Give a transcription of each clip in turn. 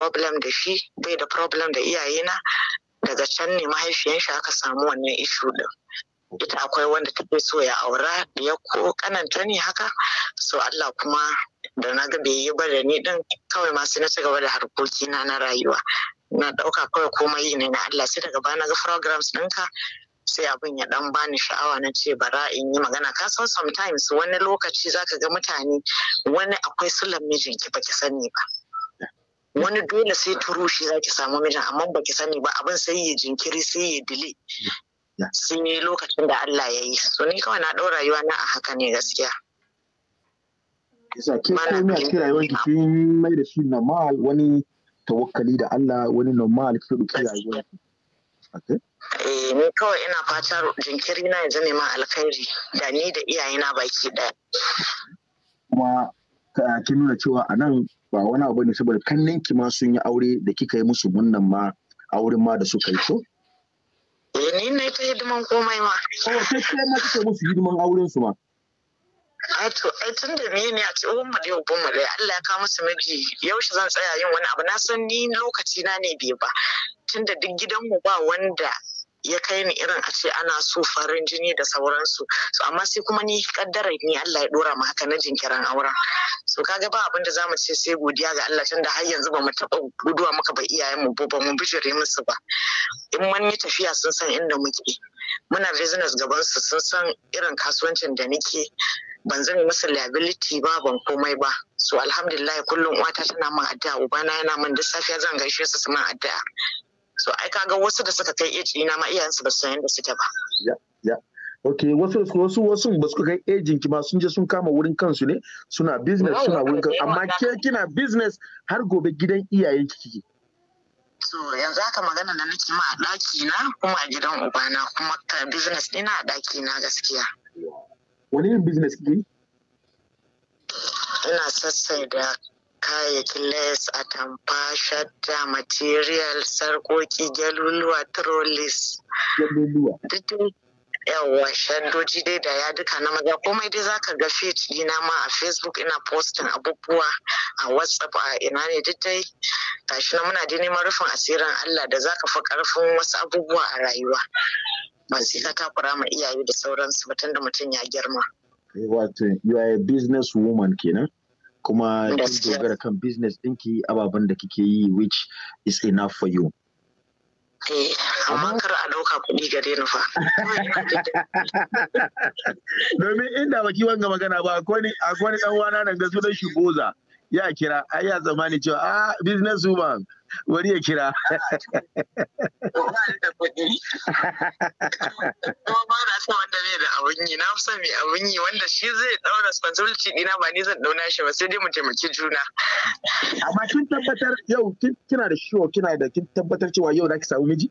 problem da shi bai da problem da iyayena daga can ne mahaifiyan shi aka samu wannan ishu din ita akwai wanda take so ya aura ya ko kananta ne haka so Allah kuma da na ga bai yi ba da ni din kawai ma sai na ci gaba da harkoki na na rayuwa na ɗauka kawai komai ne na Allah sai daga bana ga programs ɗinka sai abin ya dan bani sha'awa na ce bara in yi magana ka san sometimes wani lokaci zaka ga mutane wani akwai sulan mijinki baki sani ba wani dole sai turo shi za ki samu mijin amma ba ki sani ba abin sai ya jinkiri sai ya dile sun yi lokacin da Allah ya yi so ni kawai na ɗau rayuwa na a haka ne gaskiya yasa ke komai a cikin rayuwar ki mai da shi normal wani tawakkali da Allah wani normal ki ɗauki rayuwar ki eh ni kawai ina fata jinkiri na ya zame ma alkhairi da ni da iyayena baki ɗaya kuma kin nuna cewa a nan ba wani abu ne saboda kannin ki ma sun yi aure da kika yi musu wannan ma auren ma da suka yi so? Eh, ni na ta hidiman komai ma ko ta ce ma kike musu hidiman auren su ma ai to ai tun da ni ne a ce uwan mu yau uban mu da Allah ya kawo musu miji yaushe zan tsaya yin wani abu na san ni lokaci na ne bai ba tun da duk gidan mu ba wanda ya kai ni irin a ce ana so farin jini da sauransu so amma sai kuma ni kaddara ni Allah ya dora mu haka na jinkirin auren so kaga ba abin da zamu ce sai godiya ga Allah tunda har yanzu ba mu taba guduwa muka ba iyayen mu ba mu bijire musu ba in mun yi tafiya sun san inda muke muna business gaban su sun san irin kasuwancin da nake ban zan musu liability ba ban komai ba so alhamdulillah kullum uwata tana min addu'a ubana yana min duk safiya zan gaishe su su min addu'a so ai kaga wasu da suka kai age ina ma iyayensu ba su san yadda suke ba ya ya Okay, wasu wasu wasu ba su kai ejin ki ma sun je sun kama wurin kansu ne suna business suna wurin kansu amma ke kina business har gobe gidan iyayen ki kike so yanzu haka magana na nake ma a daki na kuma a gidan ubana kuma ka business ina a daki na gaskiya wani yin business kike ina sassai da kayayyakin a atamfa shadda material sarkoki galuluwa trolleys yawwa shaddoji dai da ya duka na maza komai dai zaka ga fit dina ma a facebook ina postin abubuwa a whatsapp a ina ne duk dai gashi na muna dai neman rufin asirin allah da zaka fi karfin wasu abubuwa a rayuwa ba sai ka takura ma iyaye da sauransu ba tunda mutum ya girma eh, wato you are a business woman kenan kuma kin dogara kan business ɗinki ababen da kike yi which is enough for you eh, amma kar a ɗauka kuɗi gare ni fa. Domin inda baki wanga magana ba akwai ɗan wana nan ga sunan Shugoza ya kira ai ya zamani cewa a ah, business woman bari ya kira ba na son wanda bai da abun yi na son mai abun yi wanda shi zai ɗau responsibility ɗina ba ni zan ɗauna shi ba sai dai mu taimaki juna amma kin tabbatar yau kina da shiwo kina da kin tabbatar cewa yau za ki samu miji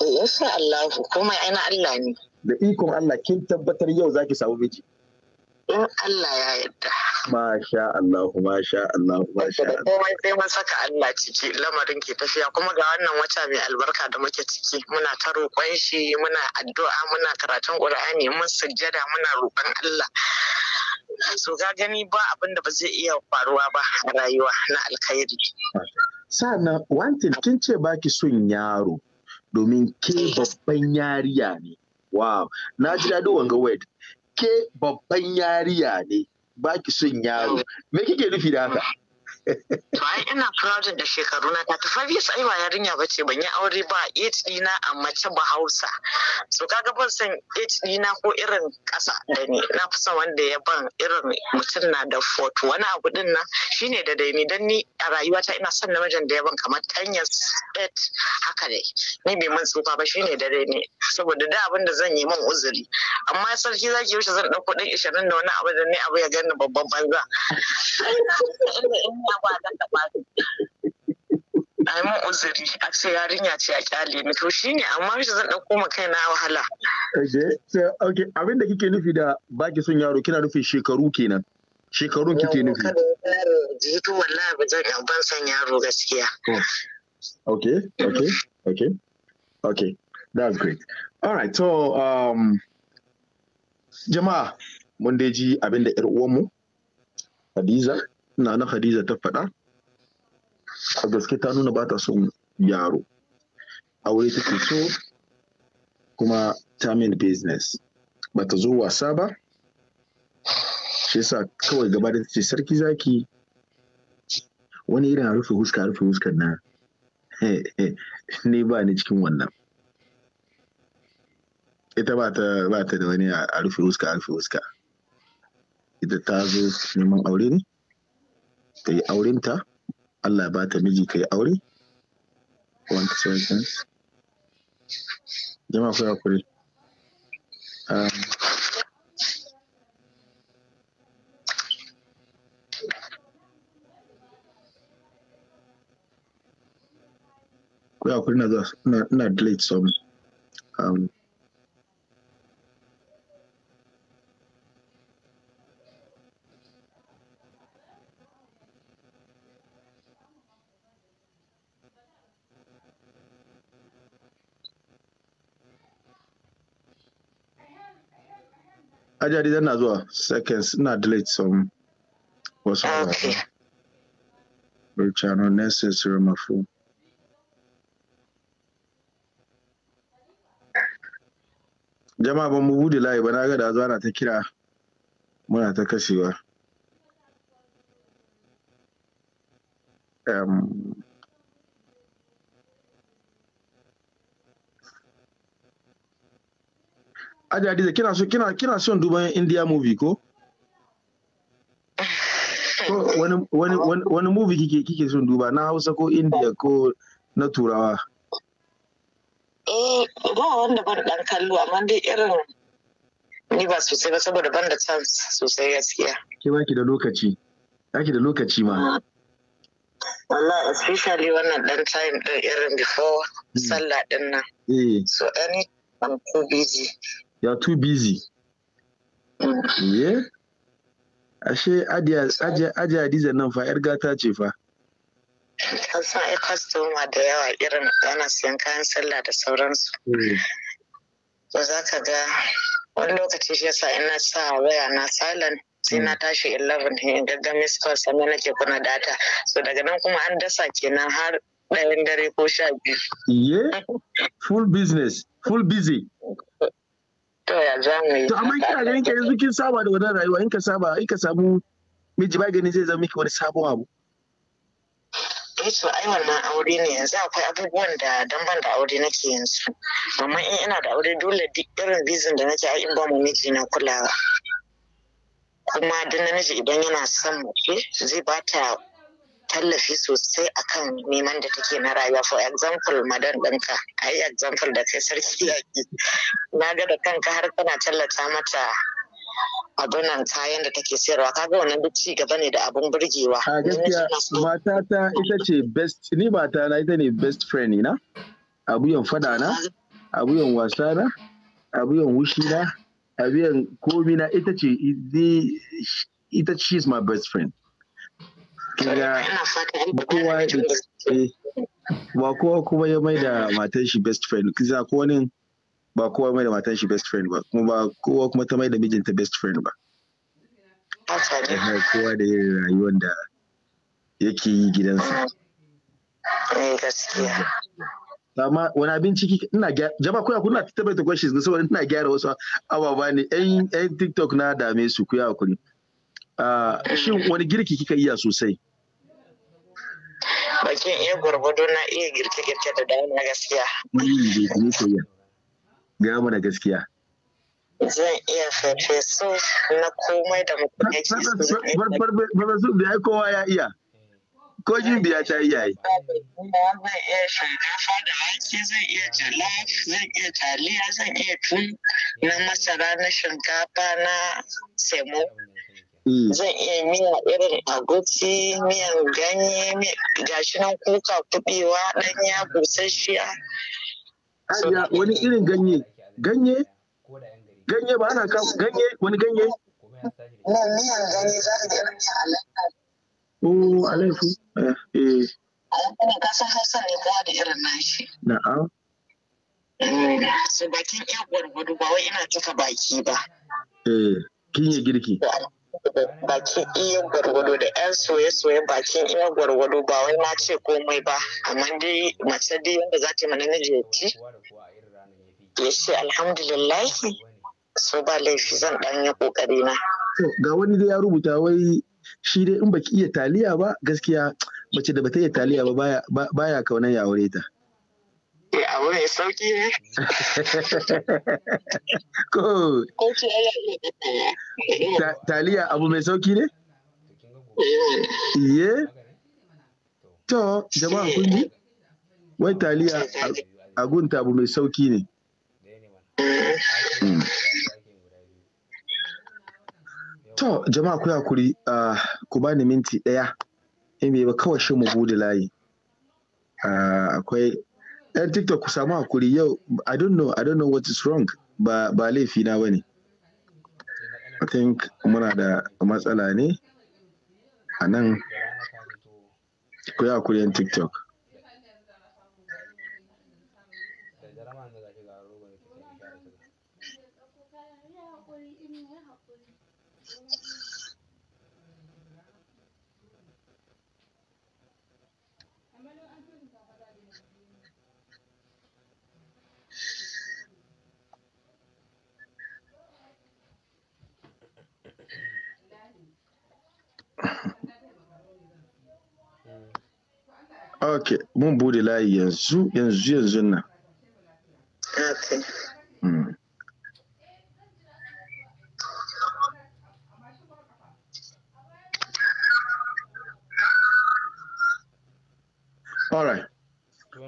eh, insha Allah kuma ina Allah ne da ikon Allah kin tabbatar yau za ki samu miji in Allah ya yarda. Masha Allah, masha Allah, masha Allah. Komai sai mun saka Allah ciki lamarin ke tafiya kuma ga wannan wata mai albarka da muke ciki muna ta roƙon shi muna addu'a muna karatun Qur'ani mun sujjada muna roƙon Allah. So ga gani ba abin da ba zai iya faruwa ba a rayuwa na alkhairi. Sa'annan wantin kin ce baki son yaro domin ke eh, babban yariya ne. Wow, na ji daɗin wanga wed ke babban yariya ne ba ki son yaro me kike nufi da haka to ai ina proud da shekaru na ta, fa years yarinya ba yarinya bace ban yi aure ba age dina a mace ba Hausa so kaga ban san age dina ko irin kasa da ni na fi wanda ya ban irin mutum na da fot wani abu din na shine da dai ni dan ni a rayuwata ina son namijin da yawan kamar tanya spet haka dai ni bai mun tsufa ba shine dare ne saboda da abin da zan yi min uzuri amma sarki zaki wuce zan dauko dan ishirin da wani abu da ne abu ya gani babban banza ai mun uzuri a ce yarinya ce a kyale ni to shine amma wuce zan dauko ma kaina wahala okay so okay abin da kike nufi da baki son yaro kina nufin shekaru kenan shekarun kike nufi jitu wallahi ba that's great all right so um, jama'a mun dai ji abin da ƴar uwanmu Hadiza na na Hadiza ta faɗa a gaske ta nuna ba ta son yaro a aure take so kuma ta business ba ta zo wasa ba shi yasa kawai gaba da ce sarki zaki wani irin rufe huska rufe huskar na ne ba ni cikin wannan ita ba ta ba ta da wani a rufe huska rufe huska ita ta zo neman aure ne ta yi aurenta Allah ba ta miji ka yi aure wanda sauran jama'a kuwa kuri um, ya kuri na delete some um, ajadi tana zuwa seconds Not delete some wasu okay. Richard, unnecessary, my fool. jama'a ban mu da layi ba na ga da zuwa na ta kira muna ta kashewa a Aji kina so kina kina son duban India movie ko? Ko wani wani wani movie kike kike son duba na Hausa ko India ko na Turawa? Eh, ba wanda ban dan kallo amma dai irin ni ba sosai ba saboda ban da chance sosai gaskiya ke baki da lokaci baki da lokaci ma Wallah especially wannan dan time din irin before hmm. sallah din nan eh. so any I'm too busy are too busy yeah hmm. ashe ajiya hadiza nan fa yar gata ce fa ta sa ai kastoma da yawa irin ana siyan kayan sallah da sauransu hmm. to za ka ga wani lokaci shi yasa ina sa waya na silent sai na hmm. tashi 11 in gaggar su sami nake kuna data so daga nan kuma an dasa kenan har ɗayan dare ko sha biyu. Full business, full busy. To ya za mu yi. To amma kina ganin ka yanzu kin saba da wannan rayuwa in ka saba in ka samu miji ba gani zai zama miki wani sabon abu. eh to ai wannan aure ne yanzu akwai abubuwan da dan ban da aure nake yanzu amma in ina da aure dole duk irin bizin da nake ai in ba mu miji na kulawa kuma duk namiji idan yana son mace zai ba ta tallafi sosai akan neman da take na rayuwa for example madan ɗinka ayi example da kai sarki yaƙi na ga da kanka har kana tallata mata Abinan kayan da take sayarwa kaga wannan duk ci gaba ne da abun burgewa a gaskiya matata ita ce best ni mata na ita ne best friend na abuyan fada na abuyan wasa na abuyan wushi na abuyan komi na ita ce ita she is my best friend kira kowa ba kowa kuma ya maida matar shi best friend kiza ko wani ba kowa mai da matan shi best friend ba kuma ba kowa kuma ta mai da mijinta best friend ba kowa da yin rayuwar da yake yi gidansa eh, amma wani abin ciki ina gyara jama'a kuna kuna tattabaita questions ne saboda ina gyara wasu ababa ne yan yan tiktok na dame su ku ya ah, shin wani girki kika iya sosai bakin iya gwargwado na iya girke-girke da dama gaskiya gaya mana gaskiya zan iya fefe su na komai da mutum yake so farfe su da kowa ya iya ko jin biya ta iya yi zan iya shinkafa da wake zan iya jala, zan iya taliya zan iya tun na masara na shinkafa na semo mm. zan iya miya irin agusi miyan ganye gashi nan kuka kubewa ɗanya busasshiya hajiya wani irin ganye ganye ganye ba ana kawo ganye wani ganye miyar ganye za ka ga Oh, alaifu. Eh. eh Kuma ka san Hausa ne kuma da irin nashi. Na'am. Eh, su bakin yan gwargwado ba wai ina cika baki ba. Eh, kinye girki. bakin iya gwargwado da yan soye-soye bakin iya gwargwado ba wai na ce komai ba amma dai mace dai yadda za ta yi mana ya ci ya ce alhamdulillah so ba laifi zan dan yi kokari na ga wani dai ya rubuta wai shi dai in baki iya taliya ba gaskiya mace da bata iya taliya ba baya kaunar ya aure ta Ya eh, abu mai sauki ne ko ce ya yi taliya abu mai sauki ne Iye. to jama'a kun ji wai taliya a gunta abu mai sauki ne mm. To jama'a ku hakuri uh, ku bani minti ɗaya in bai ba kawashe mu bude layi. Uh, akwai yan tiktok ku samu hakuri yau i don't know i don't know what is wrong ba ba laifi na bane i think muna da matsala ne a nan ku yi hakuri yan tiktok ok mun bude layi yanzu yanzu yanzu nan ok mm.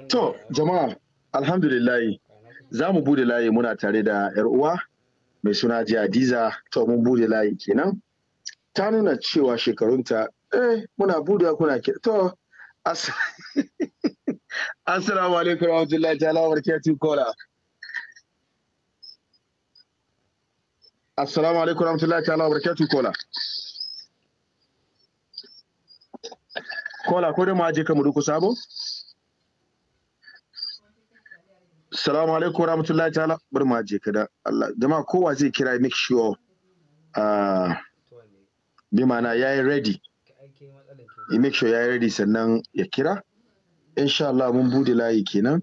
to jama'a alhamdulillahi za mu bude layi muna tare da 'yar uwa mai suna jadiza to mun bude layi kenan ta nuna cewa shekarunta eh muna budewa kuna to Assalamu alaikum rahmatullahi ta'ala wa barakatuhu kola. Assalamu alaikum rahmatullahi ta'ala wa barakatuhu kola. Kola ko da ma je ka mu duku sabo? Assalamu alaikum rahmatullahi ta'ala bar ma je kada? Allah jama'a kowa zai kira make sure uh, bi ma'ana yayi ready ya make sure ya yi ready sannan ya kira insha Allah mun bude layi kenan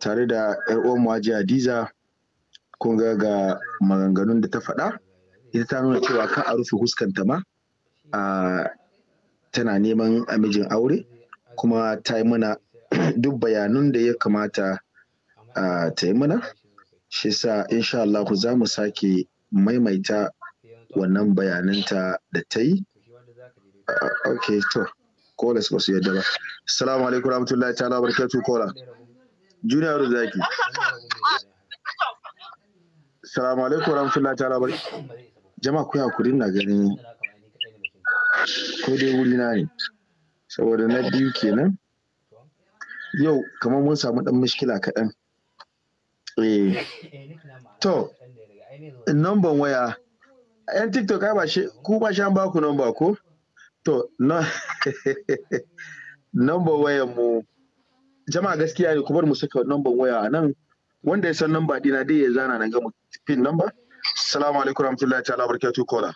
tare da yar uwan mu Hajiya Hadiza kun ga ga maganganun da ta faɗa ita ta nuna cewa kan a rufe huskanta ma a tana neman amijin aure kuma ta yi mana duk bayanun da ya kamata ta yi mana shi sa insha Allah za mu sake maimaita wannan bayananta da ta yi Uh, ok to kola su basu yadda ba assalamu alaikum rahmatullahi ta'ala barakatuh kola junior zaki Salamu alaikum rahmatullahi ta'ala barakatuh jama'a ku hakuri na ganin ko dai wuri na ne saboda na biyu kenan yau kamar mun samu dan mushkila kaɗan eh to number waya yan tiktok ai ba shi ku ba shi an ba ku number ko To, number waya mu, jama'a gaskiya ne bar mu saka number waya a nan wanda ya san number dina dai ya zana na ga mu pin number. Assalamu alaikum warahmatullahi ta'ala barakatuh kola.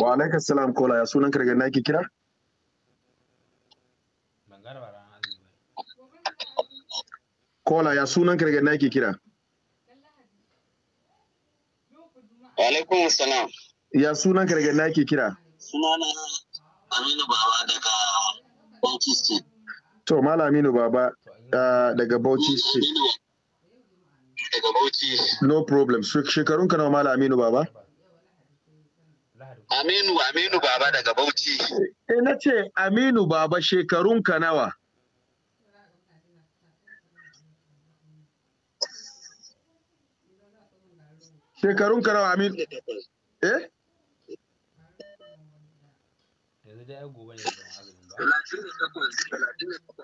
Wa alaikum salam kola ya sunan ka daga naki ke kira? Kola ya sunan ka daga naki ke kira? Wa alaikum salam. Ya sunan ka daga na ke kira? sunana Aminu Baba daga Bauchi State. To Malam Aminu Baba uh, daga Bauchi State. Daga Bauchi. No problem. Shekarun ka nawa Malam Aminu Baba? Aminu Aminu Baba daga Bauchi. Eh na ce Aminu Baba shekarun nawa? Shekarun nawa Aminu? Eh?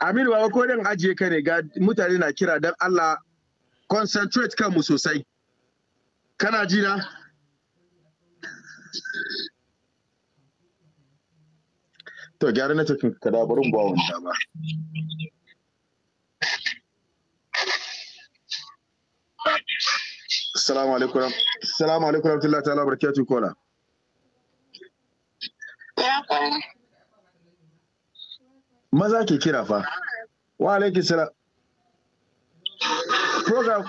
Aminu ba ko dan ajiye ka ne ga mutane na kira don Allah concentrate kanmu sosai. Kana ji na? To gyara na tafi ka dabarun ba wanda ba. Assalamu alaikum. Assalamu alaikum warahmatullahi ta'ala barakatuh kola. Ya maza ke kira fa wa alaiki salam program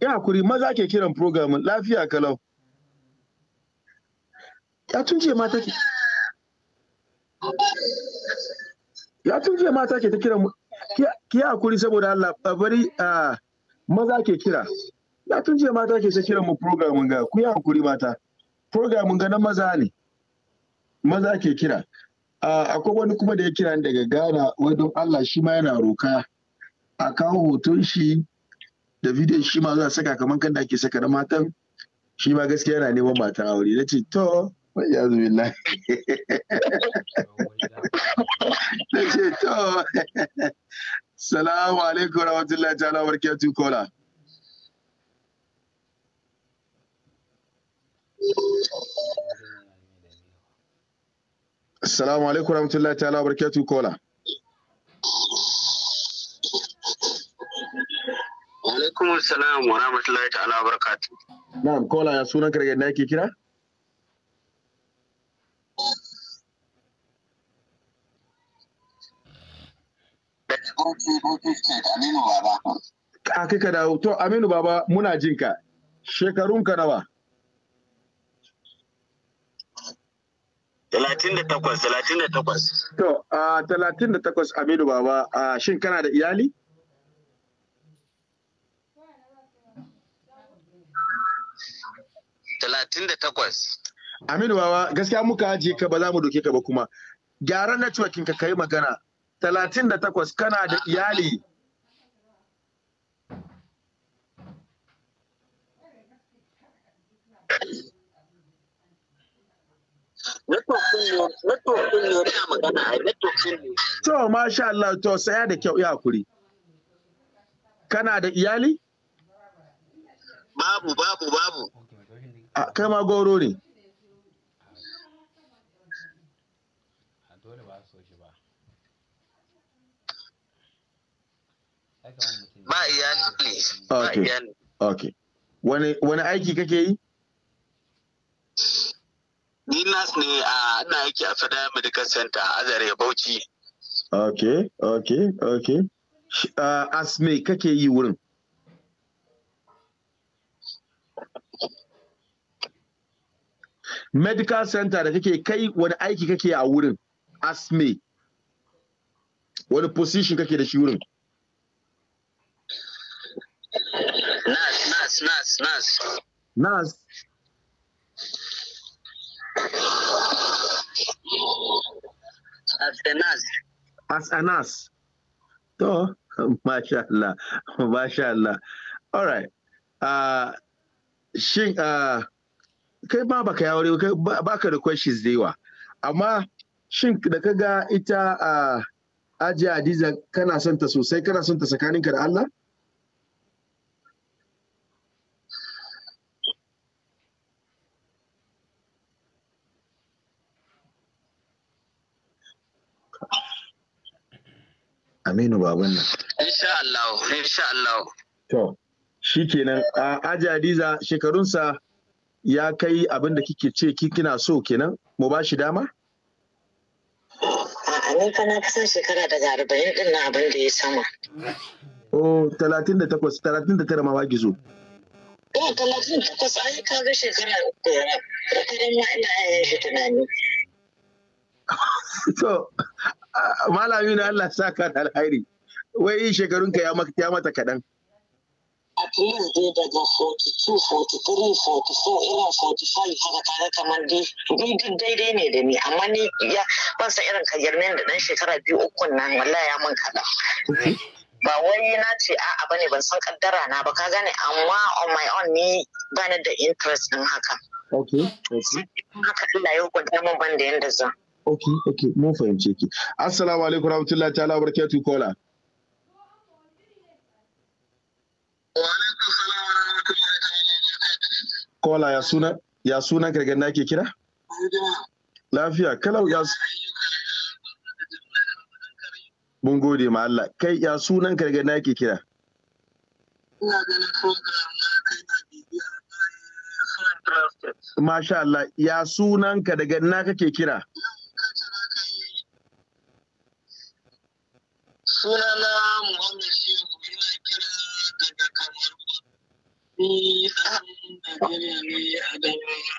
ya kuri maza ke kiran program lafiya kalau ya tun jiya mata ke ya tun jiya mata ke ta kiran ki kuri saboda Allah bari a maza ke kira ya tun jiya mata ke ta kiran mu program ga ku ya kuri mata program ga na maza ne maza ke kira akwai wani kuma da ya kira daga ghana wai don allah shi ma yana roka a kawo hoton shi da bidiyon shi ma za saka kamar kan da ake saka na matan shi ma gaskiya yana neman mata aure na ce to ya zubi na ce to salamu alaikum rahmatullahi ta'ala barkatu kola Assalamu alaikum warahmatullahi ta'ala barakatuh kola. Alaikum assalam wa rahmatullahi ta'ala barakatuh. Na'am kola ya sunan ka daga ina yake kira? Aminu Baba. A ah, kai ka dawo. To Aminu Baba muna jinka. Shekarunka nawa? Talatin da takwas, talatin da takwas. To, a talatin da takwas Aminu Baba, a shin kana da iyali? Talatin da takwas. Aminu Baba, gaskiya muka ajiye ka ba za mu doke ka ba kuma. Gyara networking ka kai magana. Talatin da takwas kana da iyali. To, masha Allah, to saya da kyau ya kuri. Kana da iyali? Babu, babu, babu. A kai ma goro ne. Ba iyali, please. Ba iyali. Okay. Wani aiki kake yi? Ni nas ne a ina aiki a Federal Medical Center a Zare Bauchi. Ok, ok, ok. Uh, as me kake yi wurin? Medical center da kake kai wani aiki kake a wurin? As me. Wani position kake da shi wurin? Nas, nas, nas, nas. Nas, as a nurse. As a nurse. To, masha Allah, masha Allah. All right. Uh, shin uh, kai ma baka yi aure baka da kwashi zaiwa Amma shin da ka ga ita uh, Aji Hadiza kana son ta sosai kana son ta tsakaninka da Allah? Aminu baban nan. Insha Allah, insha Allah. To, shi kenan a Aji Hadiza shekarunsa ya kai abin da kike ce kina so kenan mu ba shi dama? Ni fa na kusan shekara daga arba'in din na abin da ya sama. Oh, talatin da takwas, talatin da tara ma ba gizo. Ba talatin da takwas ai kaga shekara uku ya ba. Wata ma ina yin shi tunani. To, malami na Allah sa ka da alhairi wai shekarun ka ya mata kaɗan. at least dai daga 42 43 44 irin 45 haka kaga kamar dai ni duk daidai ne da ni amma ni ya ban san irin kajarmin da dan shekara biyu uku nan wallahi ya mun kaɗan. ba wai na ce a'a bane ban san kaddara na ba ka gane amma on my own ni bani da interest din haka. Okay. Haka Allah ya kwanta mun ban da yanda zan. ok ok mun fahimce ki assalamu alaikum rahmatullahi ta'ala barakatuh kola kola ya suna ya suna gargan nake kira lafiya kalau ya mun gode ma Allah kai ya sunan gargan nake kira Masha Allah, ya sunanka daga na kake kira? sunana muhammad shehu ina kira daga kamaru ni ɗan najeriya ne a damawa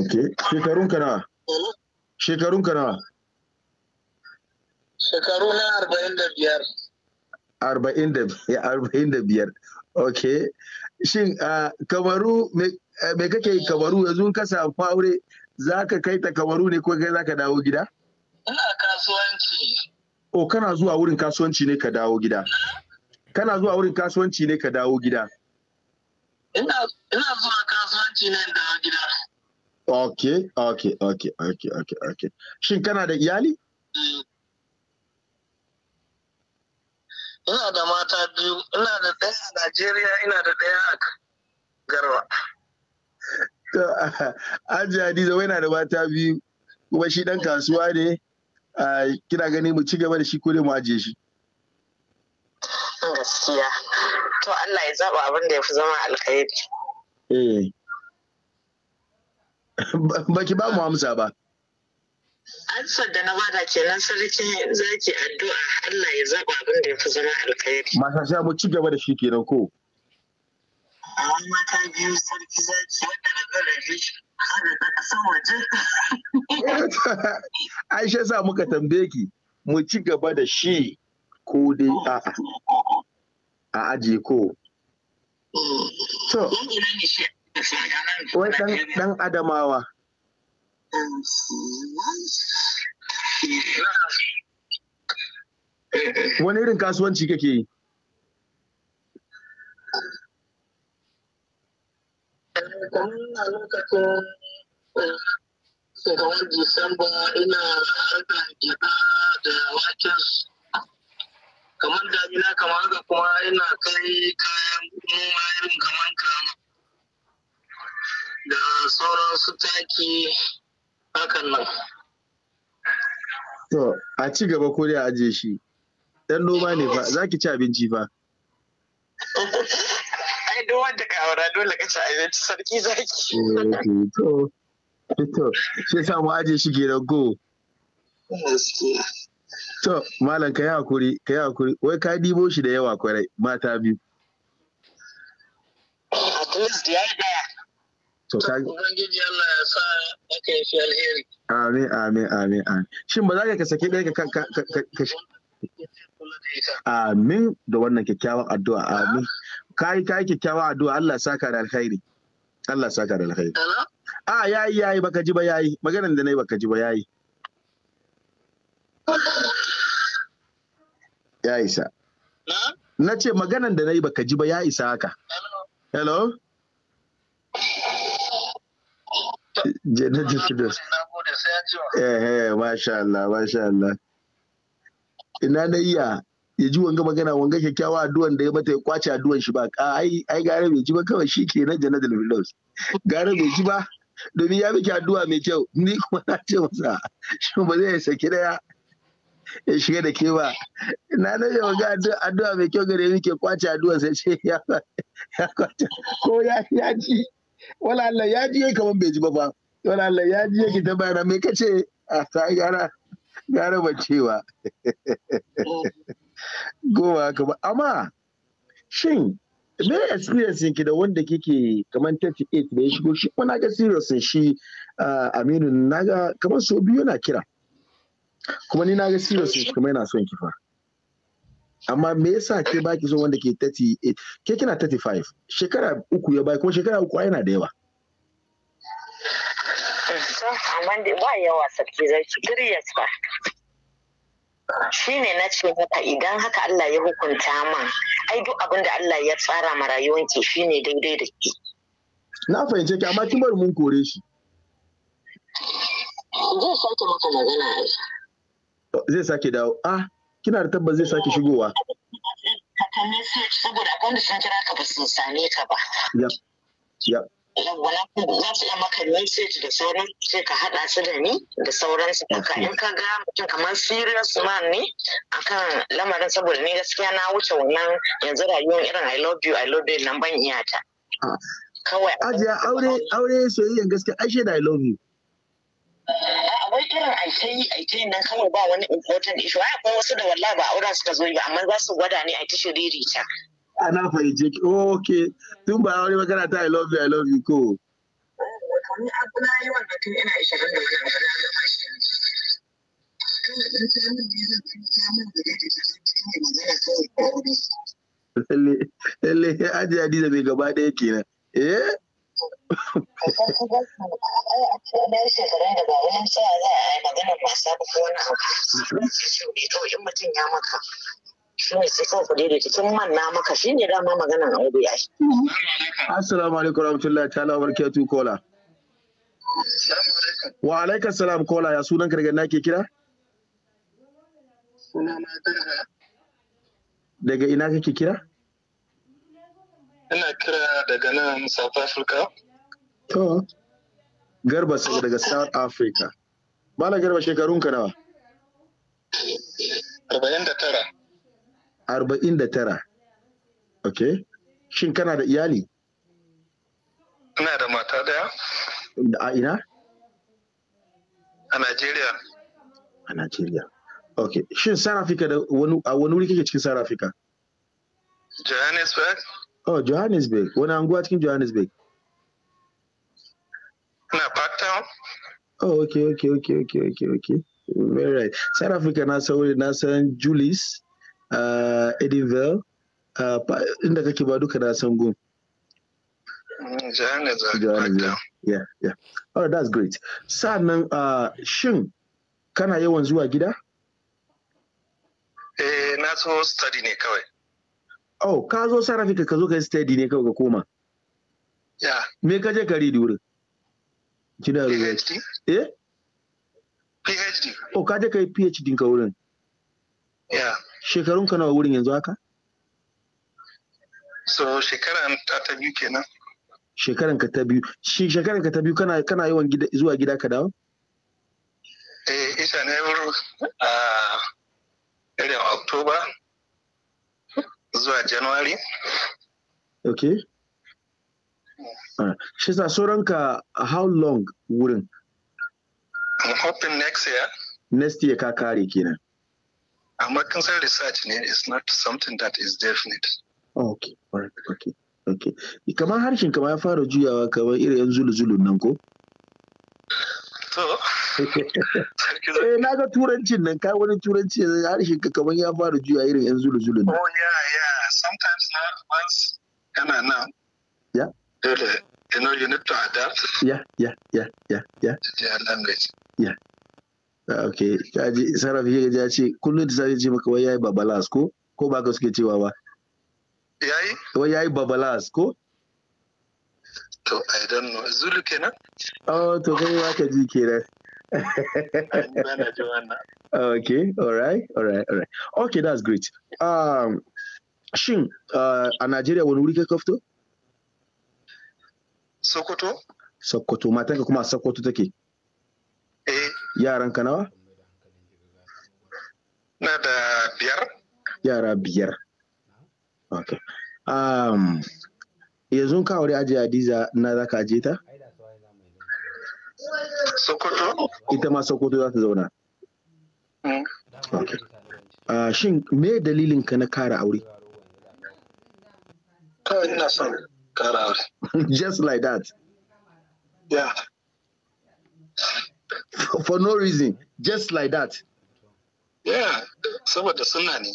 ok shekarun kana shekarun kana shekaru na arba'in da biyar arba'in da biyar arba'in da biyar ok shin kamaru me kake kamaru yanzu ka samu aure za ka kai ta kamaru ne ko kai za ka dawo gida? Ina kasuwanci. o kana zuwa wurin kasuwanci ne ka dawo gida kana zuwa wurin kasuwanci ne ka dawo gida ina ina zuwa kasuwanci ne dawo gida okay okay okay okay okay okay shin kana da iyali mm. ina da mata biyu ina da ɗaya a najeriya ina da ɗaya a garwa Aji Hadiza wai na da mata biyu kuma shi ɗan kasuwa ne kina gani mu ci gaba da shi ko dai mu ajiye shi gaskiya to Allah ya zaba abin da ya fi zama alkhairi eh baki ba mu amsa ba Ansar da na bada kenan sarkin zaki addu'a Allah ya zaba abin da ya fi zama alkhairi. Masa sha mu ci gaba da shi kenan ko? Amma mata biyu sarki zaki wanda na zara shi Aisha sa muka tambaye ki mu ci gaba da shi ko dai a a aje ko. So, wai dan adamawa. Wani irin kasuwanci kake yi? tun a lokacin shekarar disamba ina harka gida da kuma ina kai kayan noma irin da sauran su taki hakan nan to a ci gaba ko dai a ajiye shi dan noma ne fa za ci abinci fa ai duk wanda ka aura dole ka ci abinci sarki zaki. Eh, to, to, shi yasa mu aje shi gidan go. To, malam ka yi hakuri, ka yi hakuri, wai ka dibo shi da yawa kwarai mata biyu. At least ya yi daya. To, ka Ubangiji Allah ya sa aka yi shi alheri. Amin, amin, amin, amin. Shin ba za ka sake ɗaya ka Amin da wannan kyakkyawan addu'a amin kai kai kyakkyawa addu'a Allah saka da alkhairi Allah saka da alkhairi a ah, yayi yayi baka ji ba yayi maganar da nayi baka ji ba yayi ya isa na ce maganan da nayi baka ji ba ya isa haka hello Janatu Fidos. Eh, eh, masha Allah, masha Allah. Ina na iya, ya ji wanga magana wanga kyakkyawa addu'an da ya mata ya kwace addu'an shi ba ai ai gare bai ji ba kawai shi ke nan jannatul firdaus gare bai ji ba domin ya miki addu'a mai kyau ni kuma na ce masa shi ba zai saki daya ya shiga da ke ba na da yawa ga addu'a mai kyau gare ke kwace addu'a sai ce ya kwace ko ya ya ji wala Allah ya ji kamar bai ji ba fa wala Allah ya ji yake ta bayana me kace a ta gara gara bacewa goma haka ba amma shin me experience ki da wanda kike kamar 38 da ya shigo shi kuma naga serious shi Aminu naga kamar so biyu na kira kuma ni naga serious shi kuma yana son ki fa amma me yasa ke baki so wanda ke 38 ke kina 35 shekara uku ya bai kuma shekara uku yana da yawa eh, amma da ba yawa sarki zai ki 3 years ba Shi ne na ce maka idan haka Allah ya hukunta man ai duk abin da Allah ya tsara ma rayuwanki ne daidai da ke na fahimce ki amma kin bari mun kore shi zai sake maka magana zai sake dawo ah kina da tabbas zai sake shigowa ka message saboda akwai wanda sun jira ka ba su same ka ba ya za su iya maka message da sauran sai ka haɗa su da ni da sauran su. haka in ka ga mutum kamar serious man ne akan lamarin saboda ni gaskiya na wuce wannan yanzu rayuwar irin I love you I love you nan ban iya ta. Ah. Kawai. Ajiya aure aure soyayyen gaskiya ai da I love you. wai irin aikai aikai nan kawai ba wani important issue ai akwai wasu da wallahi ba aura suka zo yi ba amma za su gwada ne a ta shiriri ta. ana fahimce ki ok tun ba wani magana ta i love you i love you ko yi tun da ba za a yi shine ne sai kawai ku daidaita kin manna maka shi ne dama maganan aure ya shi. Assalamu alaikum warahmatullahi ta'ala wa barakatuh kola. Wa alaikar salam kola ya sunan ka daga na ke kira? Daga ina kake kira? Ina kira daga nan South Africa. To. Garba sai daga South Africa. Bala Garba shekarun ka nawa? arba'in da tara ok shin kana da iyali ina da mata daya a ina a najeriya a najeriya ok shin sarafika da wani a wani wuri kake cikin sarafika johannesburg oh johannesburg wani anguwa cikin johannesburg ina parktown oh ok ok ok ok ok ok very right sarafika na sauri na san julius edinville inda kake ba duka na san gun Johannesburg. Yeah, yeah. ya. Oh that's great. Sa'annan shin kana yawan zuwa gida? Eh, na so study ne kawai. Oh, ka zo sarrafi ka zo ka yi study ne kawai ka koma. Ya. Me ka je ka read wurin? Kina PhD? Eh? PhD. Oh, ka je ka yi PhD ka wurin. Ya. shekarun ka nawa wurin yanzu haka so shekaran ta ta biyu kenan shekaran ka ta biyu shi shekaran ka ta biyu kana kana yawan gida zuwa gida ka dawo eh isa ne wuri a irin oktoba zuwa january okay shi sa sauran ka how long wurin I'm hoping next year next year ka kare kenan amma kan research ne is not something that is definite okay alright okay okay kamar harshen kamar ya fara juyawa kamar irin yan zulu-zulun nan ko eh na ga turancin nan ka wani turanci harshen ka kamar ya fara juya irin yan zulu-zulun oh yeah yeah sometimes na once kana nan yeah you know you need to adapt yeah yeah yeah yeah yeah their language yeah Ah, ok kaji sarafi ya ce kullum da sai ce maka wai yayi babalas ko ko ba ka suke cewa ba yayi wai yayi babalas ko to i don't know zulu kenan oh to kai ba ka ji kenan okay all alright, alright, right all that's great um shin uh, a Najeriya wani wuri ka fito Sokoto Sokoto matanka kuma a Sokoto take yaran ka nawa na da biyar yara biyar okay um, yanzu ka wuri ajiye Hadiza na za ka ajiye ta Sokoto ita ma Sokoto za ta zauna mm. okay. uh, shin me dalilin ka na kara aure kawai ina son kara aure just like that yeah for, no reason just like that yeah saboda sunna ne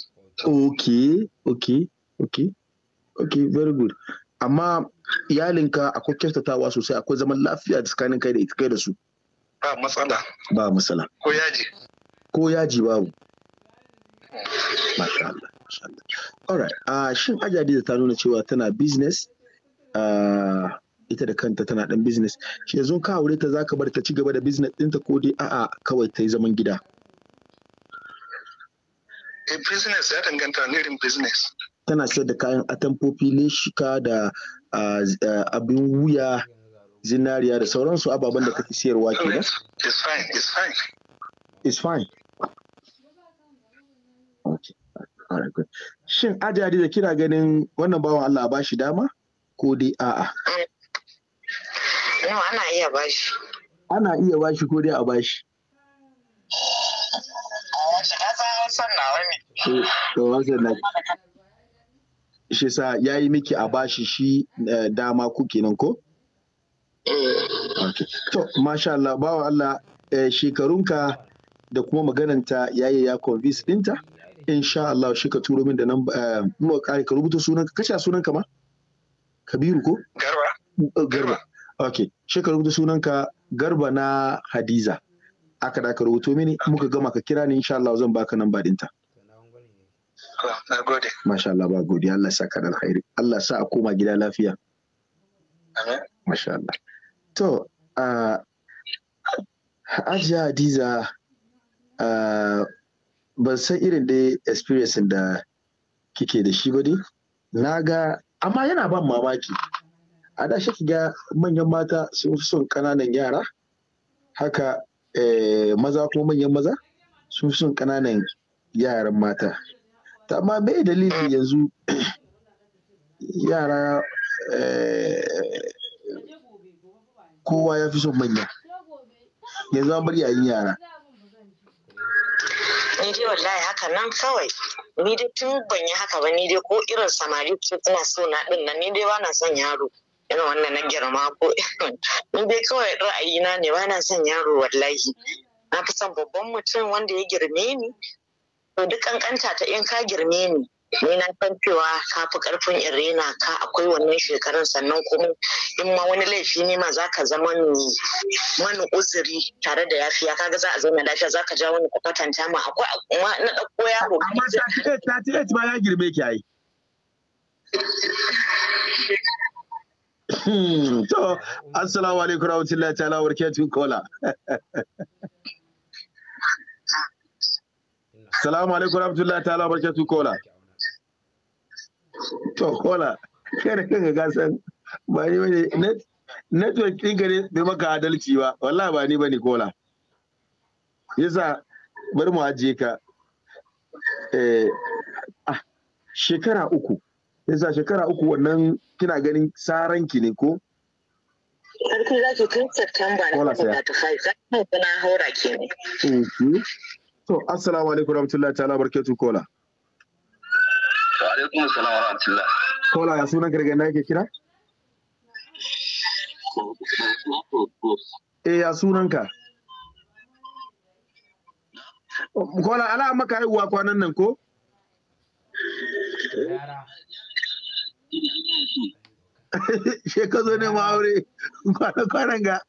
okay okay okay okay very good amma iyalinka akwai kyautatawa sosai akwai zaman lafiya tsakanin kai da ita kai da su ba matsala ba matsala ko yaji ko yaji babu masha Allah masha Allah alright uh, shin ajadi da ta nuna cewa tana business uh, ita da kanta tana dan business shi yanzu ka aure ta zaka bar ta ci gaba da business dinta ko dai a'a kawai ta yi zaman gida a eh, business ya danganta ne irin business tana sayar da kayan atamfofi ne leshika da abin wuya zinariya da sauransu ababen da kake siyarwa ke da? It's fine, it's fine. It's fine. Shin ajiyar da kira ganin wannan bawan Allah ba shi dama ko dai a'a? Eh, ana iya bashi ana iya bashi ko dai a bashi shi sa ya yi miki a bashi shi eh, dama ku kenan ko? Eh. to masha Allah bawa Allah eh, shekarunka da kuma magananta ya yi ya convince ɗinta insha Allah shi ka turo min da nan ba, ka rubuta sunan ka kashe sunan ka ma kabiru ko garba garba ok shi ka rubuta sunanka garba na hadiza aka da ka rubuto mini muka gama ka kira ni insha Allah zan baka nan ba dinta masha Allah ba godiya Allah sa ka da alkhairi Allah sa a koma gida lafiya masha Allah to uh, Hajiya Hadiza uh, ban san irin da experience da kike da shi ba dai na ga amma yana ban mamaki a da shi ga manyan mata sun fi son ƙananan yara haka eh, maza kuma manyan maza sun fi son ƙananan yaran mata ta ma mai dalili yanzu yara eh, kowa ya fi son manya yanzu an bar yayin yara ni dai wallahi haka nan kawai ni dai tun ban yi haka ba ni dai ko irin samari ko ina so na din nan ni dai ba na son yaro irin wannan na girma ko in dai kawai ra'ayina ne ba na son yaro wallahi na fi son babban mutum wanda ya girme ni to duk kankanta ta in ka girme ni ni na san cewa ka fi karfin in ka akwai wannan shekarun sannan kuma in ma wani laifi ne ma za ka zama mani uzuri tare da yafiya kaga za a zama lafiya za ka ja wani kwatanta ma akwai ma na ɗauko yaro amma 38 ma ya girme ki ai to assalamu alaikum rahmatullahi ta'ala wa barakatuh kola assalamu alaikum rahmatullahi ta'ala wa barakatuh kola to kola kare kan ga san ba ni bane network din gare bai maka adalci ba wallahi ba ni bane kola yasa bari mu ajiye ka eh ah, shekara uku yasa shekara uku wannan kina ganin saran ki ne ko Karfi za ki tun Satamba na 2025 na haura ke ne mhm. to assalamu alaikum rahmatullahi ta'ala barkatu kola wa alaikum assalam wa rahmatullah kola ya sunan gargaɗi na yake kira eh ya sunan ka. kola ala maka haihuwa kwanan nan ko She ka zo neman aure kwanan ga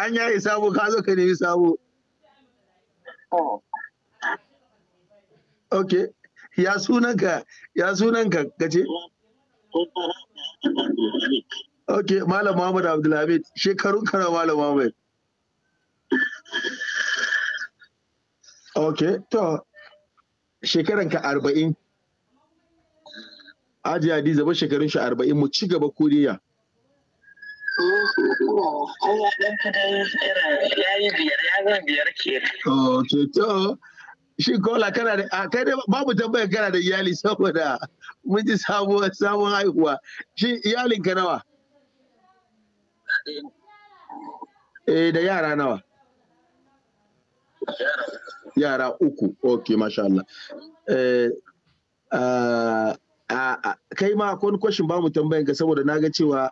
an yaye sabo ka zo ka nemi sabo. Ok, ya sunanka ya sunanka gace? Ok, Malam Muhammad Abdulhamid, shekarun kana Malam Muhammad. Ok, to, shekaranka arba'in. Aji Hadiza ba shekarun shi arba'in mu ci gaba koriya. Kowa ɗan ya yi biyar ya zan biyar ke. Oh, to kola kana da kai dai babu tambayar kana da iyali saboda mun ji sabuwar samun haihuwa shi iyalin ka nawa eh da yara nawa yara uku ok masha Allah eh, ah, kai ma akwai wani question ba mu tambayan ka saboda na ga cewa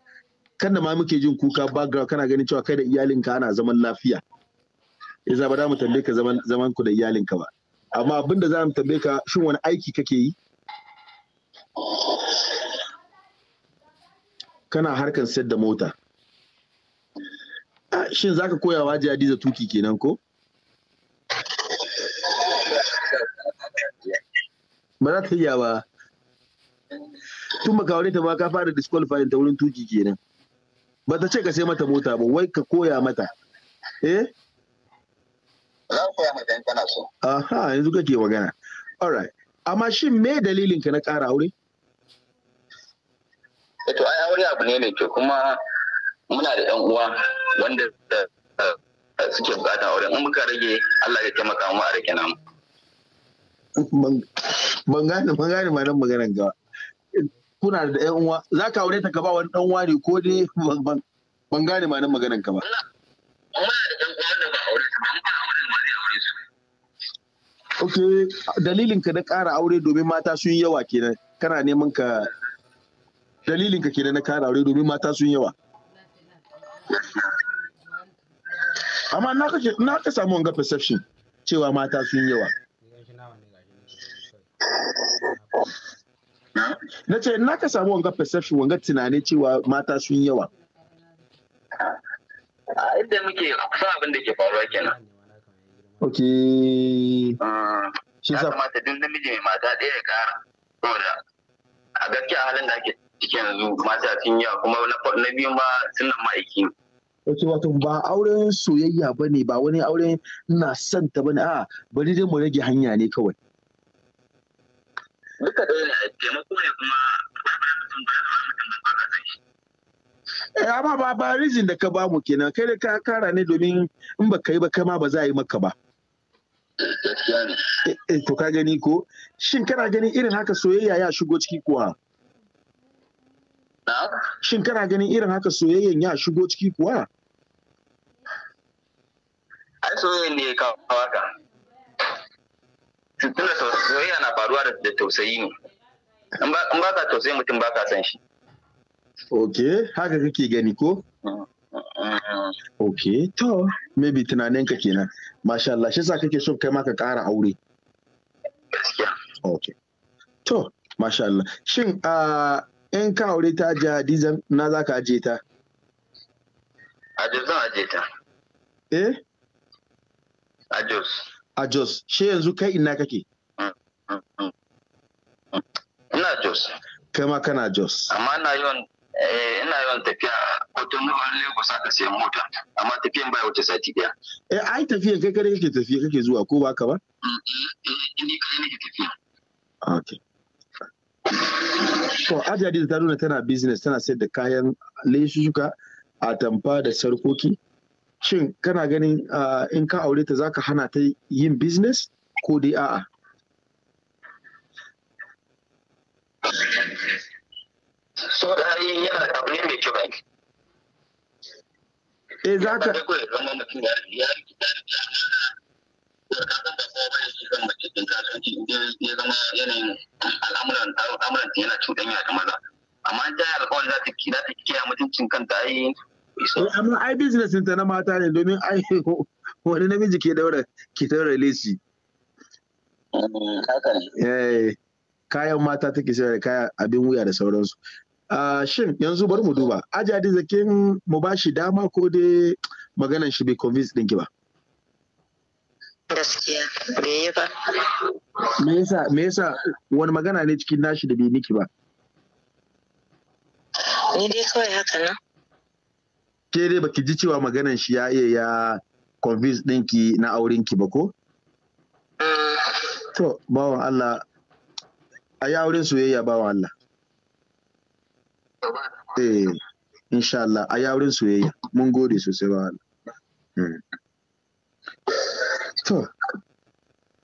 kan da ma muke jin kuka background kana ganin cewa kai da iyalinka ana zaman lafiya yasa ba za mu tambaye ka zaman zaman ku da iyalinka ba amma abin da za mu tambaye ka shin wani aiki kake yi kana harkan sayar da mota ah, shin zaka koya wa Hadiza tuki kenan ko ba za ta iya ba tun baka aure ta ma ka fara disqualifying ta wurin tuki kenan ba ta ce ka sai mata mota ba wai ka koya mata eh aha yanzu kake magana alright amma shin me dalilin ka na ƙara aure eh to ai aure abu ne mai kyau kuma muna da yan uwa wanda eh, suke bukata aure, in muka rage Allah ya taimaka mu a rage namu ban gane ban gane ma nan maganar gawa kuna da yan uwa za ka aure ta ka ba wani ɗan uwa ne ko dai ban gane ma nan maganan ka ba da da ba aure ba ok dalilin ka na ƙara aure domin mata sun yawa kenan kana neman ka dalilin ka kenan na ƙara aure domin mata sun yawa amma na kake na ka samu wanga perception cewa mata sun yawa na ce na ka samu wanga perception wanga tunanin cewa mata sun yawa a inda muke kusan abin da ke faruwa kenan ok ah, shi sa mata duk namiji mai mata ɗaya ya kara saboda a gaskiya halin da ake ciki yanzu mata sun yawa kuma na biyu ma sunan ma'aiki Ok, wato ba auren soyayya ba ne ba wani auren na santa ba ne a bari dai mu rage hanya ne kawai. duka ɗaya ne taimako ne kuma ba mutum mutum eh, amma ba ba rijin da ka ba mu kenan kai da ka kara ne domin in ba yi ba kai ma ba za a yi maka ba eh, eh to ka gani ko shin kana ganin irin haka soyayya ya shigo ciki kuwa shin kana ganin irin haka soyayyan ya shigo ciki kuwa ai soyayya ne ya kawo haka tunda soyayya na faruwa da tausayi ne in ba ka tausayi mutum ba ka san shi ok haka kake gani ko ok to maybe tunaninka kenan masha Allah shi sa kake so kai ma ka ƙara aure ok to masha Allah shin in ka aure ta ji hadiza na za ka aje ta a zan aje ta eh a a Jos shi yanzu kai ina kake ina Jos kai ma kana Jos amma ina yawan eh, ina yawan tafiya kotun nufar Lagos aka sayi mota amma tafiyan baya wuce sati daya eh ai tafiyan kai kare kake tafiya kake zuwa ko ba ka ba mm, eh, eh, ni kai ke tafiya okay to Hadiza ta nuna tana business tana sayar da kayan a tamfa da sarkoki shin kana ganin in ka aure ta zaka hana ta yin business ko dai a'a so da hari yana da abu ne mai kyau eh za ka ya zama yanayin al'amuran al'amuran yana cuɗanya da maza amma ta yi alƙawarin za ta kiya mutuncin kanta ai amma ai business ta na mata ne domin ai wani namiji ke daura ke daura lesi eh, eh, kayan mata take sayar da kaya abin wuya da sauransu ah, shin yanzu bari mu duba ajadi zakin mu ba shi dama ko dai maganan shi bai convince ki ba gaskiya bai yi ba me yasa me yasa wani magana ne cikin nashi da bai miki ba ni dai kawai haka nan ke dai baki ji cewa maganan shi ya iya ya convince ɗinki na auren ki ba ko? Eh. To, bawan Allah, a yi auren soyayya bawan Allah. Eh, insha Allah, a yi auren soyayya. Mun gode sosai bawan Allah. Hmm. To,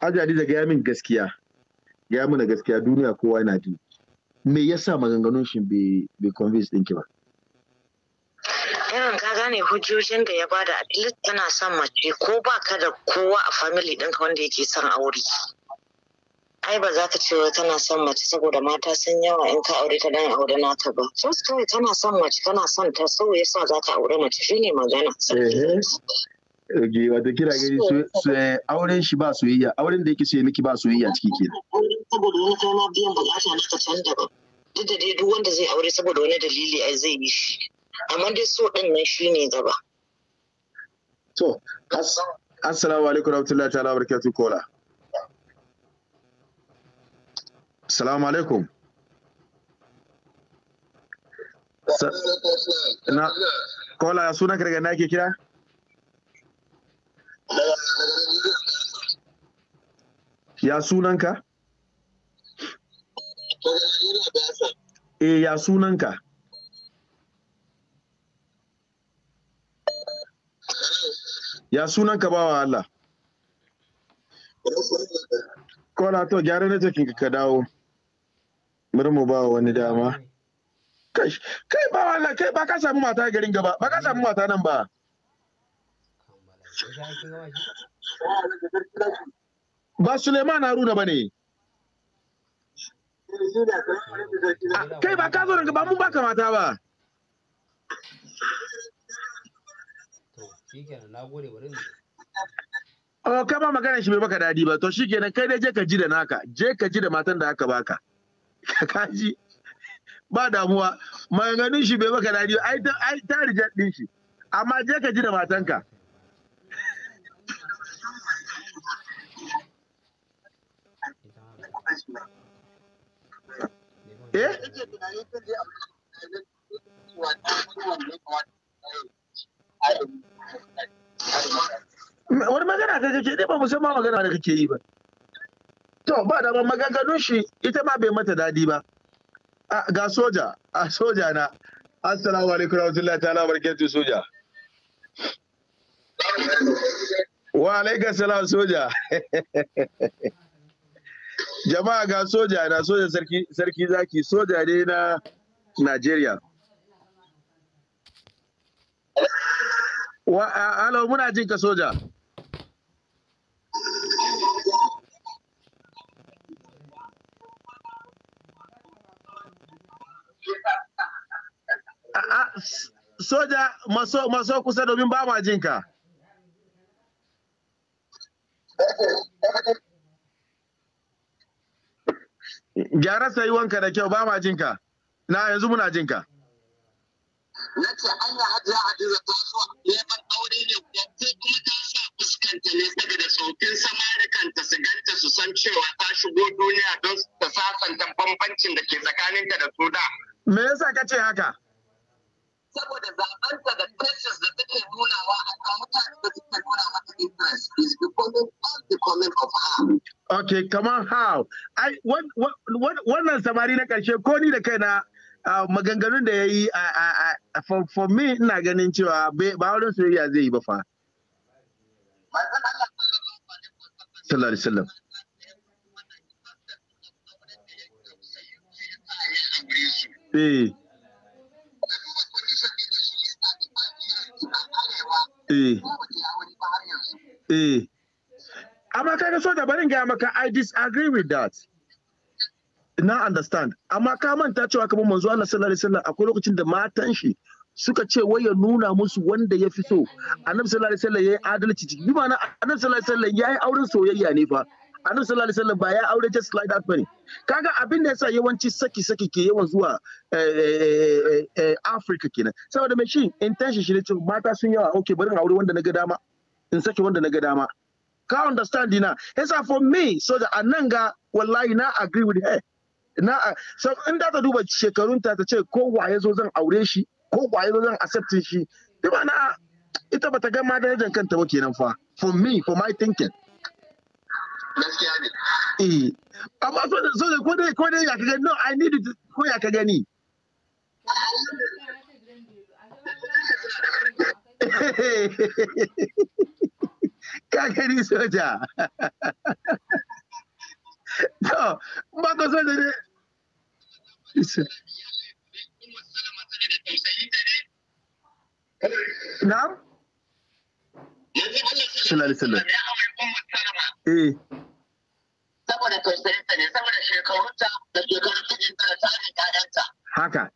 Hajji da gaya min gaskiya, gaya mana gaskiya duniya kowa yana ji. Me yasa maganganun shi bai convince ɗinki ba? ne hujjojin da ya bada at tana son mace ko ba ka da kowa a family ɗinka wanda yake son aure ai ba za ta ce wa tana son mace saboda mata sun yawa in ka aure ta dan aure naka ba just kawai tana son mace tana son ta so yasa za ta aure mace shine magana Okay, eh, eh, wato kira gani eh, auren shi ba soyayya auren da yake so miki ba soyayya ciki ke saboda wani kai ma biyan bukata na duk da dai duk wanda zai aure saboda wani dalili ai zai yi shi amma dai so ɗin nan shi ne gaba. To, assalamu alaikum rahmatullahi ta'ala barakatuh kola. Assalamu alaikum. Na, kola ya suna kirga na ke kira? Ya sunanka? Eh ya sunanka? ya sunan ka bawa Allah kola to gyara na jikin ka dawo bari mu ba wani dama kai kai ba Allah kai ba ka samu mata garin gaba ba ka samu mata nan ba ba Suleiman Haruna bane kai ba ka zo daga ba mun baka mata ba O na gode Oh, ka ba magana shi bai maka dadi ba to shikenan kai dai je ka ji da naka je ka ji da matan da aka baka ka ji ba damuwa maganganun shi bai maka dadi ai ta ai ta din shi amma je ka ji da matanka eh wani magana ta kake ba musamman magana da kake yi ba to ba da maganganun shi ita ma bai mata dadi ba ga soja a soja na assalamu alaikum rahmatullahi ta'ala barkatu soja wa alaikum salam soja jama'a ga soja na soja sarki zaki soja ne na Najeriya Alo muna jin ka soja. Soja maso, maso kusa domin ba ma jin ka. Gyara wanka da kyau ba ma jinka. Na yanzu muna jinka. na ce anya hajiya hadiza ta zuwa. neman aure ne ko kuma ta sa fuskanta ne saboda tsofin samarikanta su ganta su san cewa ta shigo duniya don ta sasanta bambancin da ke tsakaninta da su da. Me yasa ka ce haka? Saboda zaɓanta da tesis da take nunawa a kan mutane da suke nuna mata interest is becoming all of her. Okay, how? wannan samari na ƙarshe ko kaina Ah, maganganun da ya yi ah, ah, for me ina ganin cewa ba wurin soyayya zai yi ba fa. Eh. Eh. Eh. Amma so da barin ga maka I disagree with that. na understand amma ka manta cewa kamar manzo Allah sallallahu alaihi wasallam akwai lokacin da matan shi suka ce wai ya nuna musu wanda ya fi so annabi sallallahu alaihi wasallam yayi adalci ciki bi ma'ana annabi sallallahu alaihi wasallam yayi auren soyayya ne fa annabi sallallahu alaihi wasallam ba ya aure just like that bane kaga abin da yasa yawanci saki saki ke yawan zuwa eh, eh, eh, Africa kenan saboda mai shi intention shi ne cewa mata sun yawa okay bari aure wanda na ga dama in saki wanda na ga dama ka understand dina yasa for me so da anan ga wallahi na agree with her na in da ta duba shekarunta ta ce ko waye zo zan aure shi ko waye zo zan accept shi duk ana ita bata ga ma darajar kanta ba kenan fa for me for my thinking gaskiya ne eh amma so so ko dai ko dai ya kaga no i need it ko ya kaga ni ka gani soja to ba ka soja ne Na'am? Sallallahu Saboda tausayinta ne, saboda shekarunta da shekarun mijinta da ƴaƴanta. Haka.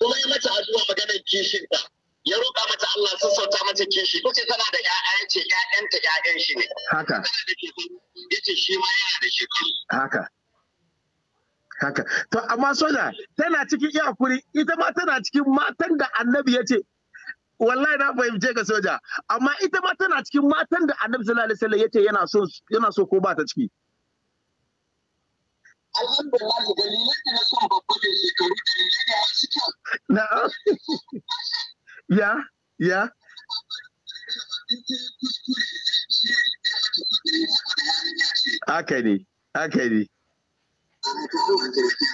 Kuma ya mata addu'a maganar kishinta. Ya roƙa mata Allah sun sauta mata kishi. Ko tana da ƴaƴa ya ce ne. Haka. yana da shekaru. Haka. haka to amma soja tana cikin iyakuri ita ma tana cikin matan da annabi ya ce wallahi na fahimce ka soja amma ita ma tana cikin matan da annabi sallallahu alaihi wasallam ya ce yana so yana so ko ba ta ciki alhamdulillah dalilan da na son babba da shekaru dalilai ne masu ya ya haka ne haka ne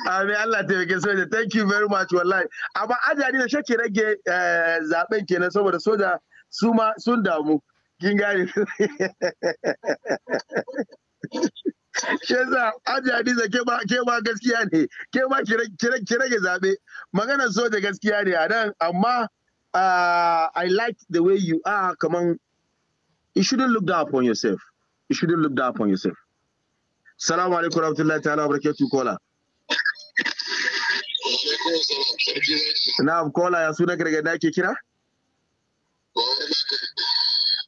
Amin Allah taimake soja. Thank you very much wallahi. Amma ajali da shake rage eh, zaben kenan saboda soja su ma sun damu. Kin gane. Shesa ajali da ke ma gaskiya ne. Ke ma ki rage zabe. Maganar soja gaskiya ne a nan amma ah, I like the way you are kaman you shouldn't look down upon yourself. You shouldn't look down upon yourself. Salamu alaikum rahmatullahi ta'ala barakatu kola. Na'am kola ya suna garga ake kira?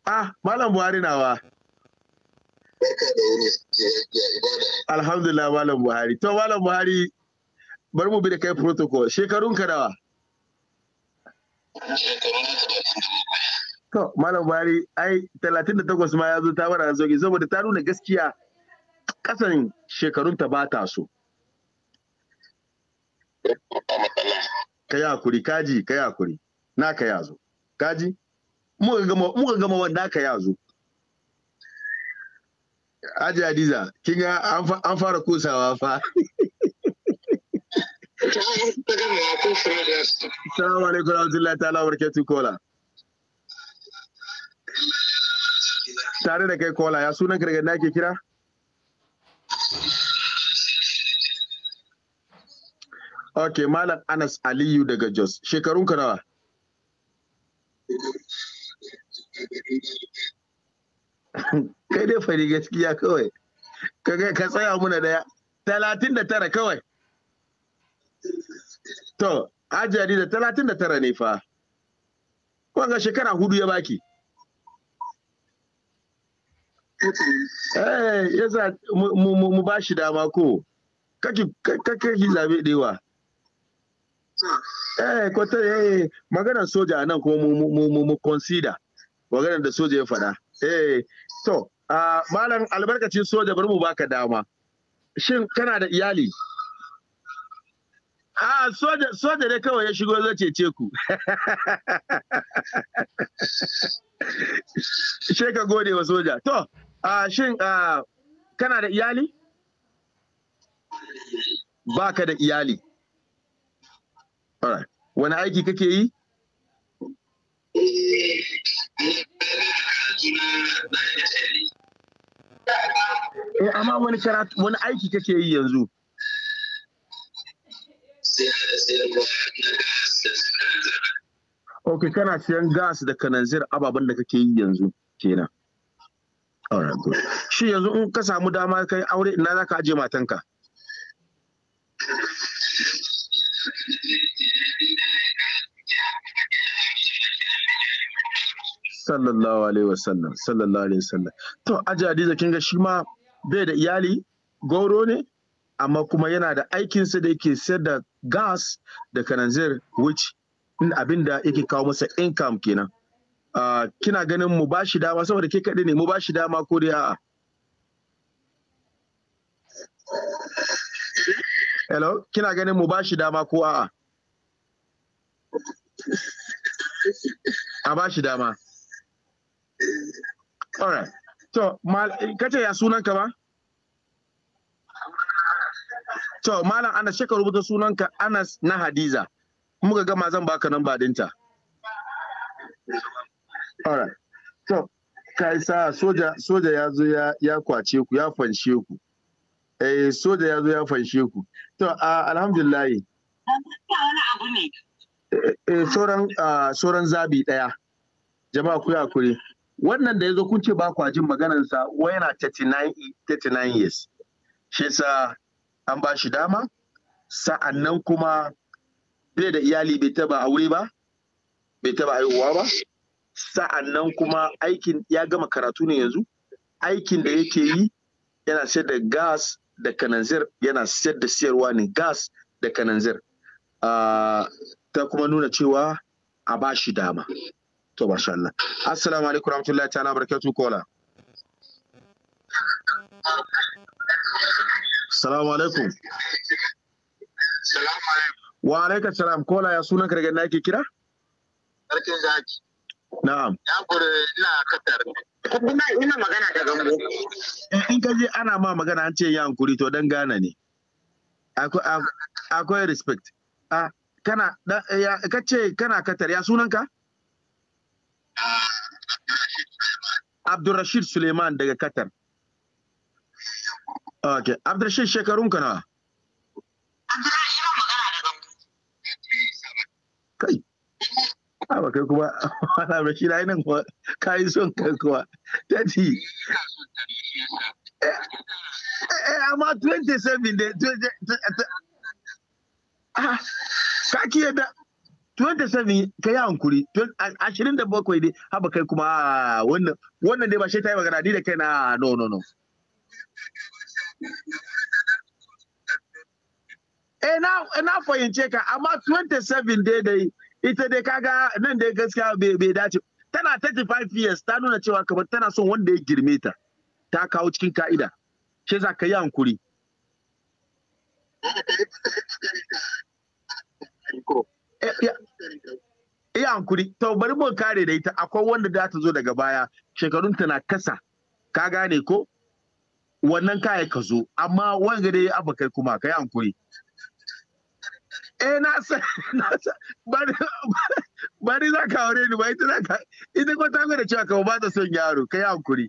Ah, Malam Buhari nawa. Alhamdulillah Malam Buhari. To Malam Buhari bar mu bi da kai protocol. Shekarun ka nawa? To Malam Buhari ai 38 ma ya zo ta bara zogi saboda ta nuna gaskiya kasan shekarunta ba ta so. Ka yi hakuri, kaji, ka yi hakuri, na ka yazo. Kaji? Muka gama wanda ka yazo. Aji Hadiza, kin ga an fara kusawa fa. Salamu alaikum warahmatullahi ta'ala barkatu kola. Tare da kai kola, ya sunan kirgan ke ake kira? Ok, Malam Anas Aliyu daga Jos. Shekarun ka nawa? Kai dai fari gaskiya kawai. Ka tsaya muna daya. Talatin da tara kawai. To, ajiyari da talatin da tara ne fa. Wanga shekara hudu ya baki. Eh, yasa mu ba shi dama ko. Kaki zabe da yawa. eh kwata eh maganar soja nan kuma mu mu mu mu consider maganar da soja ya faɗa eh to malam albarkacin soja bari mu baka dama shin kana da iyali a soja soja ne kawai ya shigo zai cece ku she ka gode wa soja to shin kana da iyali baka da iyali Wani aiki kake yi? Eh, amma wani karatu wani aiki kake yi yanzu? Ok, kana siyan gas da kananzir ababen da kake yi yanzu kenan. Alright, Shi yanzu in ka samu dama kai aure ina za ka aje matanka? sallallahu alaihi wasallam sallallahu alaihi wasallam to aji hadiza kinga shi ma bai da iyali goro ne amma kuma yana da aikinsa da yake sayar da gas da kananzir which abin da yake kawo masa income kenan uh, kina ganin mu ba shi dama saboda ke kaɗai ne mu ba shi dama ko dai a'a hello kina ganin mu ba shi dama ko a'a a ba shi dama alright to kace ya ka ba to malam anas shi rubuta sunan ka anas na hadiza muka gama zan baka nan dinta. alright to kai sa soja soja ya zo ya kwace ku ya fanshe ku eh soja ya zo ya fanshe ku to alhamdulillah wani abu ne sauran zabi daya jama'a ku ya kure wannan da ya zo kunce ce ba kwa jin maganarsa wai yana 39 years shi sa an ba shi dama sa'annan kuma bai da iyali bai taba aure ba bai taba aihuwa ba sa'annan kuma aikin ya gama karatu ne yanzu aikin da yake yi yana sayar da gas da kananzir yana sayar da siyarwa ne gas da kananzir ah, ta kuma nuna cewa a ba shi dama to masha Allah assalamu alaikum rahmatullahi ta'ala barakatuh kola assalamu alaikum. assalamu alaikum. Wa alaikum salam kola ya sunan karga na yake kira? Sarkin zaki. Na'am. Ya gure ina Qatar. Kuma ina magana da gambo. Eh, in ka je ana ma magana an ce ya hankuri to dan gana ne. Akwai respect. Ah, kana ka ce kana katar ya sunan ka? Abdurrashid Suleiman daga Qatar. Okay, Abdurrashid shekarun ka na? Kai. Awa kai kuma Abdurrashid ai nan kuwa yi son kai kuwa. Tati. Eh amma 27 da ka kiyar da 27 ka yi hankuri 27 dai haba kai kuma wannan wannan dai ba shi ta yi magana ni da kai na no no no eh na fahimce ka amma 27 dai dai ita dai kaga nan dai gaskiya bai dace tana 35 years ta nuna cewa kamar tana son wanda ya girme ta ta kawo cikin ka'ida shi za ka yi hankuri Iya eh, hankuri, to bari mun kare da ita akwai wanda za ta zo daga baya ta na kasa, ka gane ko? Wannan kaya ka zo, amma wanga dai abu kai kuma kai hankuri. Eh na san, na san, bari, bari za ka aure ni ba ita za ka, ita ko ta da cewa ka ba ta son yaro, kai hankuri.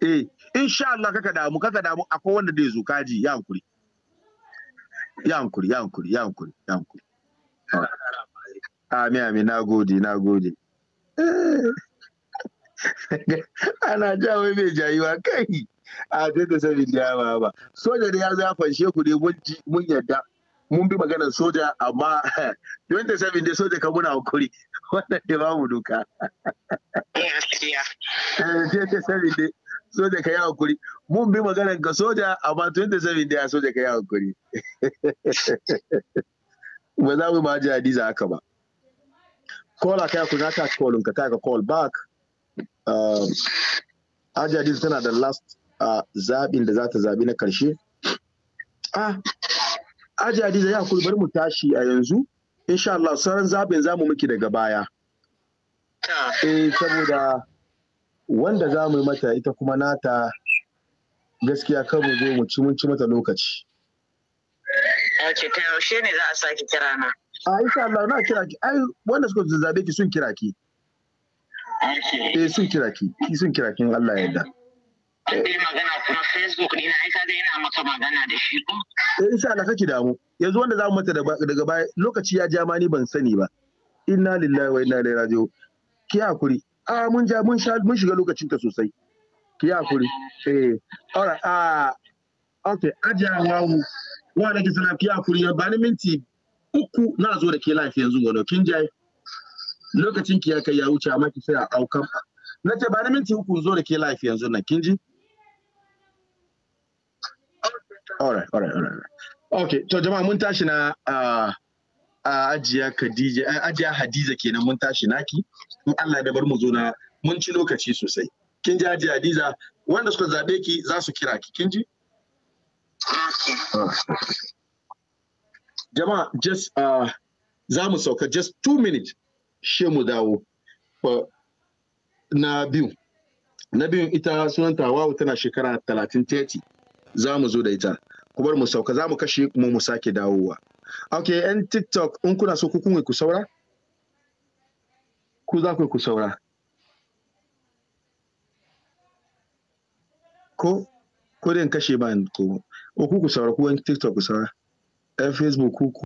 Eh, insha Allah kaka damu, kaka damu akwai wanda zai zo kaji, ya hankuri. Ya hankuri, ya hankuri, ya hankuri, ya hankuri. Ami ami na gode na gode. Ana jawo mai jayuwa kai a dai da sabin jawa ba. Soja da ya zafa shi ku ne mun yadda mun bi maganar soja amma don da sabin da soja ka muna hakuri wannan da ba mu duka. Eh, gaskiya. sabin eh, da soja ka yi hakuri mun bi maganar ka soja amma tun da sabin da soja ka yi hakuri. ba za mu ba ji hadiza haka ba kola aka ku na ka call ka ka call back uh, um, Haji hadiza tana da last uh, zaɓin da za ta zaɓi na ƙarshe ah Haji hadiza ya kuri bari mu tashi a yanzu insha Allah sauran zaɓin za mu miki daga baya eh saboda wanda za mu yi mata ita kuma nata gaskiya kan mu zo mu ci mun ci mata lokaci Ya ce ta yaushe ne za a sake kira na. A ah, insha Allah na kira ki ai wanda suka zazzabe ki sun kira ki. Eh sun kira ki ki sun kira ki Allah ya yarda. Eh magana kuma Facebook ɗina ai kaga ina maka magana da shi ko? Eh insha Allah kake damu. Yanzu wanda za mu mata daga baya lokaci ya ja ma ni ban sani ba. Inna lillahi wa inna ilaihi raji'un. Ki hakuri. A ah, mun ja mun sha mun shiga lokacin ka sosai. Ki hakuri. Eh. All right. Ah. Okay. Ajiya wawu. wa nake sana fiya kuri ba ni minti uku na zo da ke lafiya yanzu gano kin jaye lokacin ki ya kai ya wuce amma ki sai a aukan na ce ba ni minti uku zo da ke lafiya yanzu nan kin ji alright alright alright okay to jama'a mun tashi na uh, ajiya Khadija uh, ajiya Hadiza kenan mun tashi naki in Allah da bar mu zo na mun ci lokaci sosai kin ji ajiya Hadiza wanda suka zabe ki za su kira ki kin ji Jama, just uh, za mu sauka just two minutes she mu dawo uh, na biyu. Na biyun ita sunanta wawu tana shekara talatin teti za mu zo da ita. Kubar mu sauka za mu kashe kuma mu sake dawowa. Ok, 'yan TikTok in kuna so ku kunwe ku saura? Ku za ku ku saura. Ko ko kashe ba ko ku ku saura ku tiktok ku saura ɗan facebook ku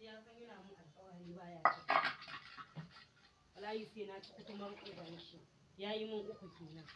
ya san yana mun alƙawari baya ta wallahi sai na ci kutumar ƙoƙarin shi ya yi mun uku kenan